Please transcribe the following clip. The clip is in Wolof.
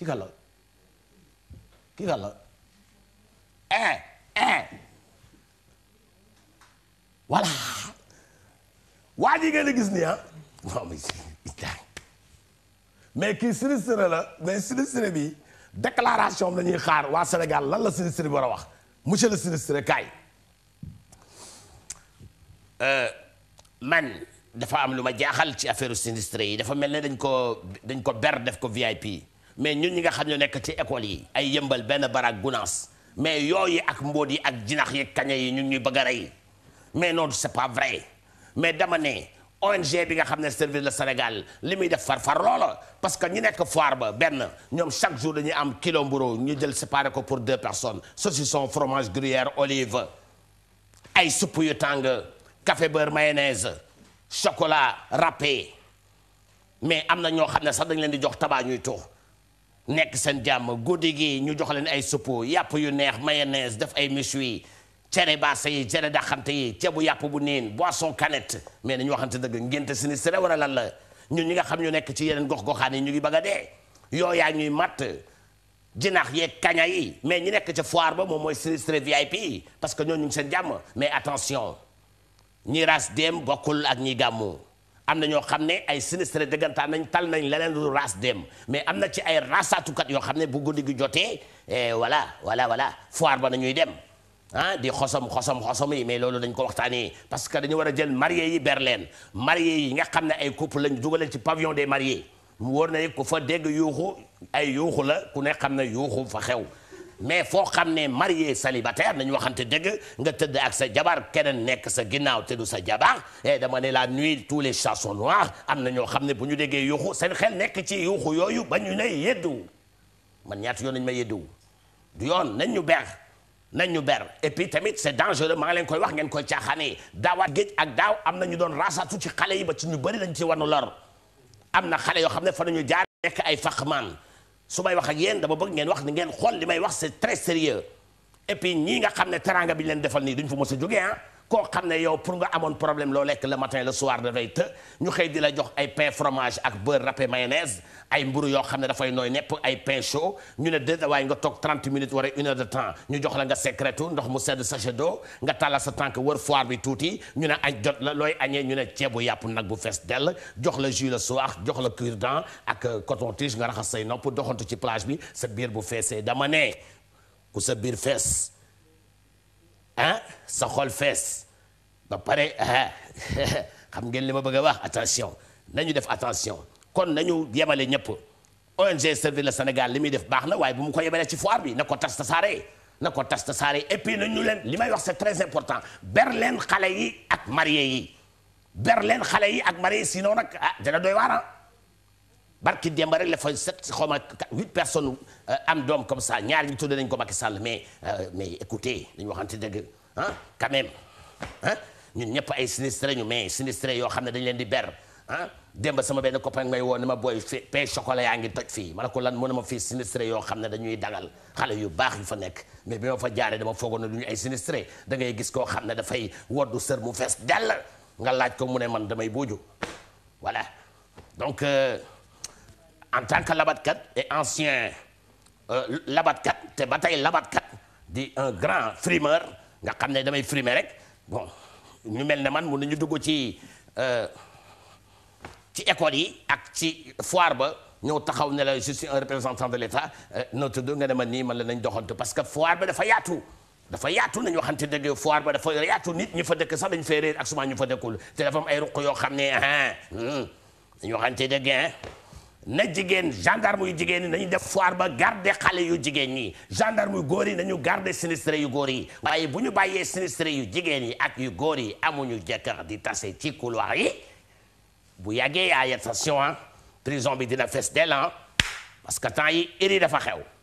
kikalla kikalla eh, eh. waa ji ngeen gis nii ah waaw sinistre la mais sinistre bi déclaration am lañuy xaar waa Sénégal lan la sinistre bi war a wax monsieur le sinistre kaay euh, man dafa am lu ma jaaxal ci affaire sinistre yi dafa mel ne dañ ko dañ ko ber def ko VIP mais ñun ñi nga xam ne nekk ci école yi ay yëmbal benn barak gunaas mais yooyu ak mbóot yi ak jinax yi kaña yi ñun ñuy bëgg rey mais noonu c'est pas vrai mais dama ne ONG bi nga xam ne service le Sénégal li muy def far far parce que ñu nekk foir ba benn ñoom chaque jour dañuy am kilo mburu ñu jël séparé ko pour deux personnes saucisson fromage gruyère olive ay supp yu tàng café beurre mayonnaise chocolat râpé mais am na ñoo xam ne sax dañ leen di jox tabac ñuy tuux nekk seen jàmm guddi gi ñu jox leen ay suppu yàpp yu neex mayonnaise def ay méchoui yi cere baase yi cere daxante yi ceebu yàpp bu niin boisson canette mais nañu waxante dëgg ngénte sinistre a lan la ñun ñi nga xam ñu nekk ci yeneen gox-goxaan yi ñu ngi bëgg a dee yoo yaa ñuy mat jinax yeeg kaña yi mais ñu nekk ca foire ba moom mooy sinistre VIP parce que ñoo ñu ngi seen jàmm mais attention ñi ras dem bokkul ak ñi gàmmu am na ñoo xam ne ay sinistré dëggantaan nañ tal nañ leneen lu raas dem mais am na ci ay raasaatukat yoo xam ne bu guddi gi jotee wala eh, voilà voilà foire ba ñuy dem ah di xosom xosom xosom yi mais loolu dañ ko waxtaanee parce que dañu war a jël marié yi berlin marié yi nga xam ne ay couple lañ dugalee ci pavillon des mariés mu wóor na ko fa dégg yuuxu ay yuuxu la ku ne xam ne yuuxu fa xew mais foo xam ne marié na nañu waxante dëgg nga tëdd ak sa jabar keneen nekk sa ginnaaw te du sa jabar et eh, dama ne la nuit tous les chats sont noirs am na ñoo xam ne bu ñu déggee yuuxu seen xel nekk ci yuuxu yooyu ba ñu ne yeddu man ñaata yoon nañu ma yeddu du yoon nañ ñu ber nañ ñu ber et puis tamit c'est dangereux maa koy wax ngeen koy caaxaanee daawaat géej ak daaw am na doon raasatu ci xale yi ba ci ñu bëri dañ ci wanu lor am na xale yoo xam ne fa nañu jaar nekk ay faxmaan su may wax ak yéen dama bëgg ngeen wax ni ngeen xool li may wax c'est très sérieux et ñii nga xam ne teraanga bi ñu leen defal nii duñ fa mos a jógee ah. koo xam ne yow pour nga amoon problème loo lekk le matin le soir dafay të ñu xëy di la jox ay pain fromage ak beurre râpé mayonnaise ay mburu yoo xam ne dafay nooy nepp ay pain chaud ñu ne déedéet waaye nga toog 30 minutes wala une heure de temps ñu jox la nga secrétu ndox mu sedd sachet d'eau nga tàllal sa tànk wër foire bi tuuti ñu ne añ jot la looy añee ñu ne ceebu yàpp nag bu fees dell jox la jus le soir jox la cure-dent ak coton tige nga raxas say nopp doxantu ci plage bi sa biir bu feesee dama ne sa biir fees ah sa xol fees ba pare xam ngeen li ma bëgg a wax attention nañu def attention kon nañu yemale ñëpp ONG Servir le Sénégal li muy def baax na waaye bu mu ko yebalee ci foire bi na ko tas tasaare na ko tas tasaare et puis nañu leen li may wax c'est très important ber leen xale yi ak marié yi ber leen xale yi ak marié yi sinon nag ah dina doy ah. barki démb rek la fa sept xaw ma huit personnes euh, am doom comme ça ñaar ñi tudd nañ ko Macky Sall mais euh, mais écoutez dañu waxante dëgg ah quand yoo xam ne dañ leen di ber ah démb sama benn copain may woo ne ma booy pain chocolat yaa ngi toj fii ma ne ko lan mu ne ma fii sinistré yoo xam ne dañuy dagal xale yu baax yu fa nekk mais bi ma fa jaaree dama foogoon ne du ñu ay sinistré da ngay gis koo xam ne dafay woddu sër mu fees dell nga laaj ko mu ne man damay buuju voilà donc. Euh, en tant que labatkat et ancien euh, labatkat te ba tey labatkat di un grand frimeur nga xam ne damay frimer rek bon ñu mel ne man mun nañu dugg ci euh, ci école yi ak ci foire ba ñëw taxaw ne la je suis un représentant de l'État euh, noo tudd nga ne nii ma la nañ doxantu parce que foire ba dafa yaatu dafa yaatu nañu waxante dëgg foire ba dafa yaatu nit ñu fa dëkk sax dañ fay réer ak souvent ñu fa dëkkul te dafa am ay ruq yoo xam ne hmm, dañu waxante dëgg na jigéen gendarme yu jigéen ñi nañu def foire ba garder xale yu jigéen ñi gendarme yu góor yi nañu garder sinistré yu góor yi waaye bu ñu bàyyee sinistré yu jigéen yi ak yu góor yi amuñu jëkkër di tase ci couloir yi bu yàggee ay attention ah prison bi dina fes del parce que temps yi iri dafa xew